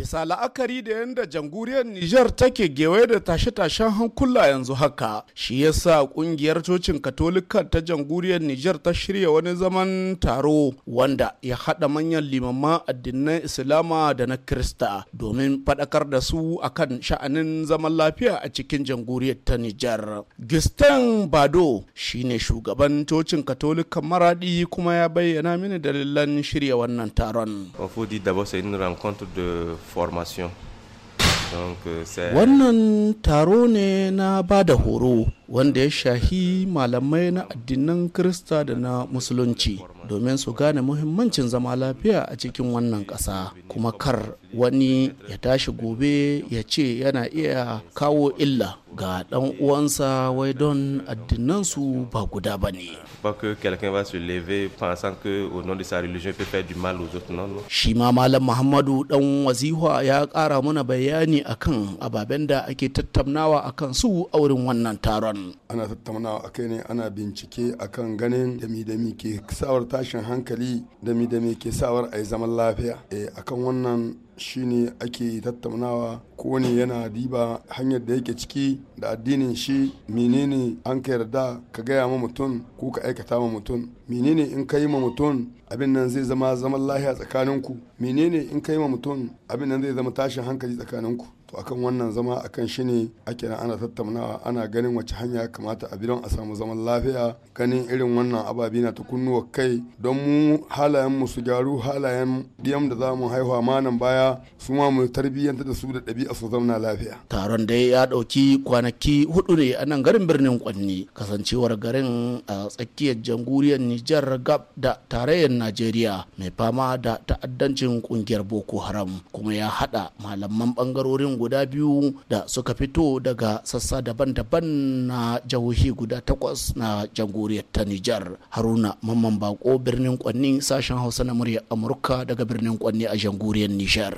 bisa la'akari da yadda janguriyar Nijar take gewaye da tashe-tashen hankula yanzu haka shi yasa kungiyar cocin katolika ta janguriyar Nijar ta shirya wani zaman taro wanda ya haɗa manyan limaman addinan Islama da na Kirista domin fadakar da su akan sha'anin zaman lafiya a cikin janguriyar ta Nijar. Gistan Bado shine shugaban cocin katolika maradi kuma ya bayyana mini dalilan shirya wannan taron. formation. Euh, Wannan taro ne na ba da horo wanda ya shahi malamai na addinan Kirista da na Musulunci domin su gane muhimmancin zama lafiya a cikin wannan ƙasa kuma kar wani ya tashi gobe ya ce yana iya kawo illa ga ɗan uwansa wai don addinansu ba guda ba ne. Shi ma Malam Muhammadu ɗan waziwa ya ƙara mana bayani akan ababen da ake tattaunawa akan su a wurin wannan taron. ana tattaunawa kai ne ana bincike akan ganin dami dami ke sawar tashin hankali dami dami ke sawar a zaman lafiya eh, akan wannan shine ake tattaunawa ko ne yana diba hanyar da yake ciki da addinin shi menene an ka yarda ka gaya ma mutum ko ka aikata ma mutum menene in ka yi ma mutum abin nan zai zama zaman lahiya tsakaninku menene in ka yi ma mutum abin nan zai zama tashin hankali tsakaninku to akan wannan zama akan shi ne ake ana tattaunawa ana ganin wace hanya kamata a bidon a samu zaman lafiya ganin irin wannan ababi na ta kunnuwa kai don mu halayen mu su gyaru halayen diyam da zamu haihuwa ma nan baya su ma mu tarbiyyanta da su da ɗabi'a su zauna lafiya taron dai ya ɗauki kwanaki hudu ne a nan garin birnin kwanni kasancewar garin a tsakiyar jamhuriyar nijar gab da tarayyar najeriya mai fama da ta'addancin kungiyar boko haram kuma ya haɗa malaman bangarorin guda biyu da suka fito daga sassa daban-daban na jihohi guda takwas na jamhuriyar ta Nijar. Haruna Mamman Bako birnin Kwanni sashen Hausa na muryar Amurka daga birnin Kwanni a jamhuriyar Nijar.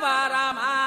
Babarama.